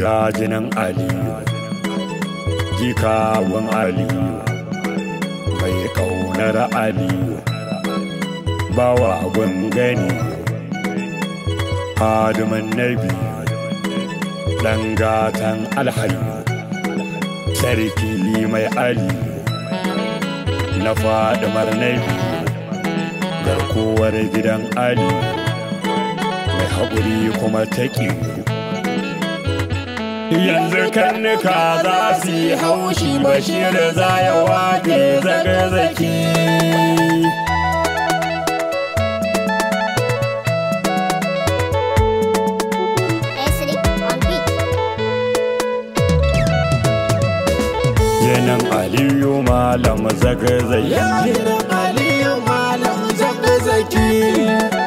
ga ali aliyu jikawun aliyu mai kaunar aliyu bawa gun gani hadumin nabi ɗan gatan alhayu sarki mai aliyu na fadimar nabi garkuwar gidan aliyu mai haƙuri kuma ta taƙi yanzu karnuka za su yi haushi bashir za ya wake zaki. Yanan Aliyu Malam zaki Yanan Aliyu Malam zaki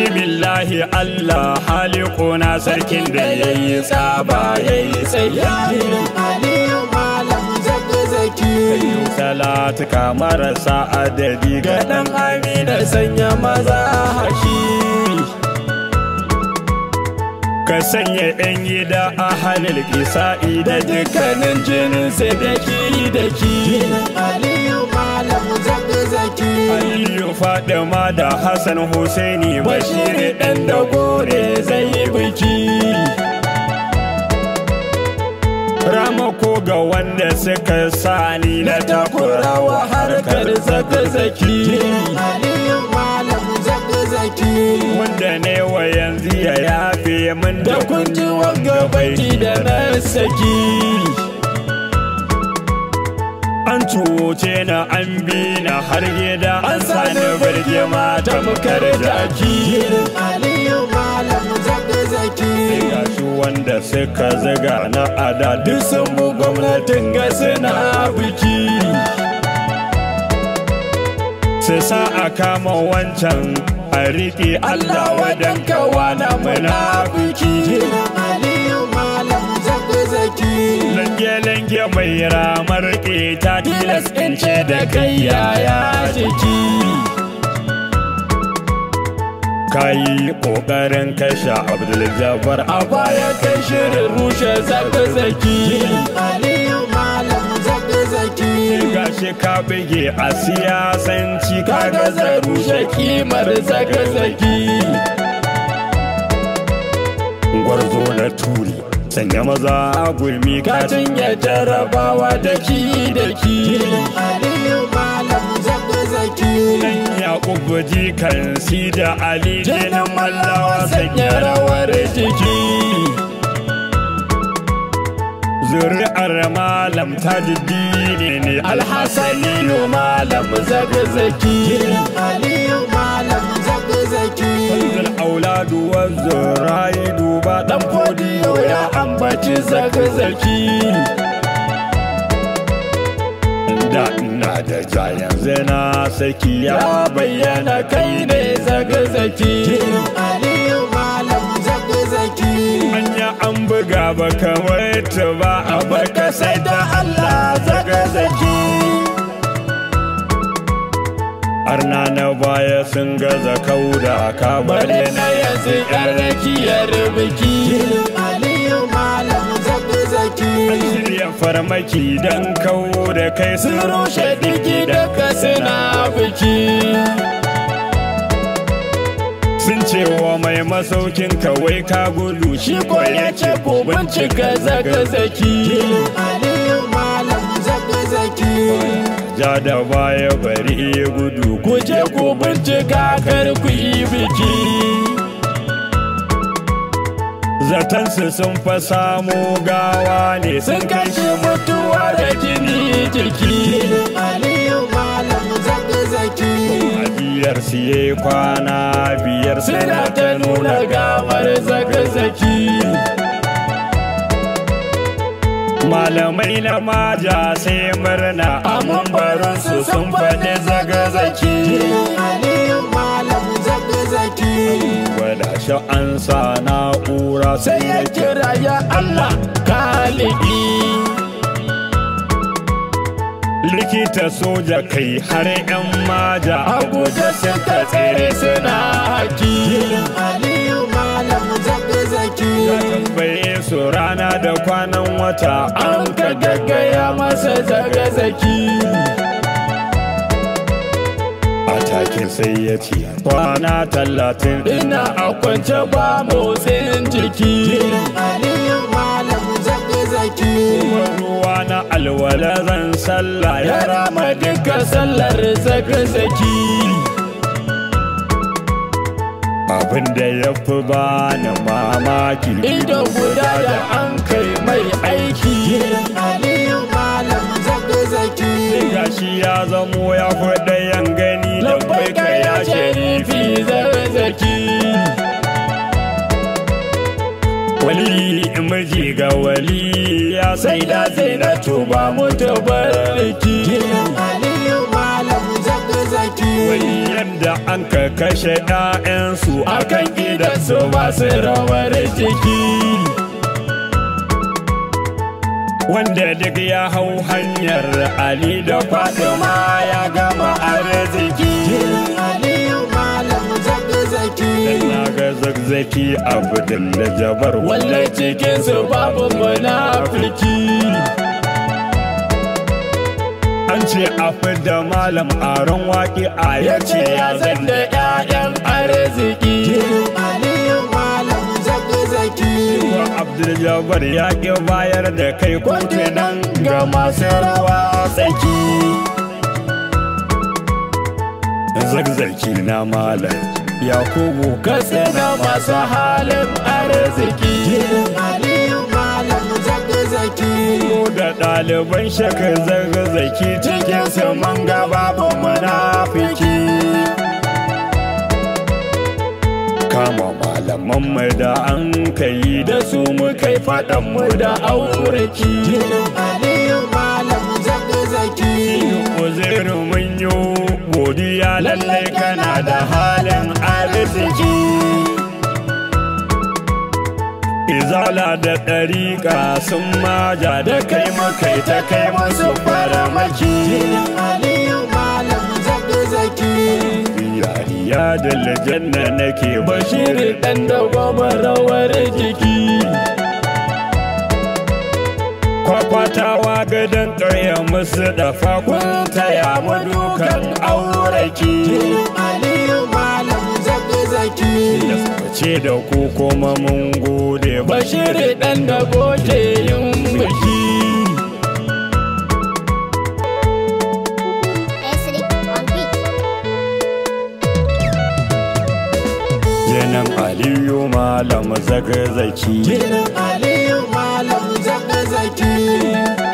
bismillahi Allah halikuna sarkin da ya yi tsaba ya yi tsayayin aliyu malam zaki salatu adadi ga dan amina sanya maza haki ka sanya yan gida a halil kisa'i da dukkanin jinin sai da zaki da ki Aliyu zaki Aliyu da Hassan Husaini Bashir ɗan da gore zai yi biki ramako ga wanda suka sani na takurawa harkar zaki-zaki wanda ne wa yanzu ya yafe min da kuntuwan gabaki da na saki an cuce na an bi na har gida an sani birge mata mukar jaki aliyu malam zaga zaki wanda suka zaga na ada duk sun bu gwamnatin ga suna biki sai sa a kama wancan a riƙe don kawana mana biki. ga mai ramar keta tilas ɗin ce da kai yaya jiki kayi ƙoƙarin kashe abdul jabbar a baya kai shirin rushe zaka zaki zaki gashi ka bige a siyasanci ka gaza rushe kimar zaka zaki gwarzo na turi sanya maza a gulmi katin ya jarabawa da ki da ki aliyu ya kubuji kan si da ali jinan mallawa sanya rawar jiki zuri'ar malam didi ne ne malam zagzaki aliyu malam zagzaki kunzul auladu wa ya duba dan fodiyo ya ci zaki-zaki da ina da na saki ya bayyana kai ne zaki-zaki aliyu malam zaka zaki manya an buga ba kamar ta ba a baka sai da allah zaka zaki arna na baya sun gaza kauda kamar na yanzu yan rakiyar biki shirya farmaki don kawo da kai sun rushe digi da kasina biki sun cewa mai masaukin kawai ka gudu shi ko ya ce ko bincika zaka zaki ja da baya bari gudu ku je ku bincika kar ku yi biki su sun fa samu gawa ne sun kai kashe mutuwa da jini jiki biyar siye kwana biyar suna ta nuna gawar zaki-zaki malamai na maja sai murna A mambarinsu sun faɗi zaga-zaki aiki gwada shi an sa na'ura sai ya kira ya Allah kaliki likita soja kai har yan maja a guje suka tsere suna haki aliyu malam zaki zaki ya su rana da kwanan wata an ka gaggaya masa zage zaki sai ya ce kwana talatin ina a kwance ba motsin jiki ruwa na alwala zan salla. ya rama duka sallar zaki abin da ya fi bani mamaki ido guda da an kai mai aiki aliyu malam zaki zaki gashi ya zamo ya faɗa ya sai da sai na tuba mutu barki gidan aliyu an ka kashe ƴaƴansu akan gidan su masu rawar jiki wanda duk ya hau hanyar ali da fatima zaki abdul jabar wallahi cikin su babu munafiki an ce a da malam aron waƙi a ya ce ya zan da ƴaƴan arziki malam zaki zaki abdul jabbar ya bayar da kai kwanke nan ga masu rawa tsaki zakzaki na malam yakubu kasa na masu halin arziki aliyu malam ko da ɗaliban shakar zakzaki cikin saman gaba ba manafiki kama malaman mai da an kai da su mu kai faɗan mu da aureki gidan aliyu malam zakzaki mun yi godiya lalle kana da halin arziki Izala da ɗariƙa sun maja da kai makai ta kai masu maki Ya da lajanna nake bashiri ɗan da rawar jiki kwakwatawa gadon ƙauyen musu da fakon taya madukan a ce da ku kuma mun gode shiri dan da goke yin biki Yanan Aliyu Malam zaki. Yanan Aliyu Malam zaki.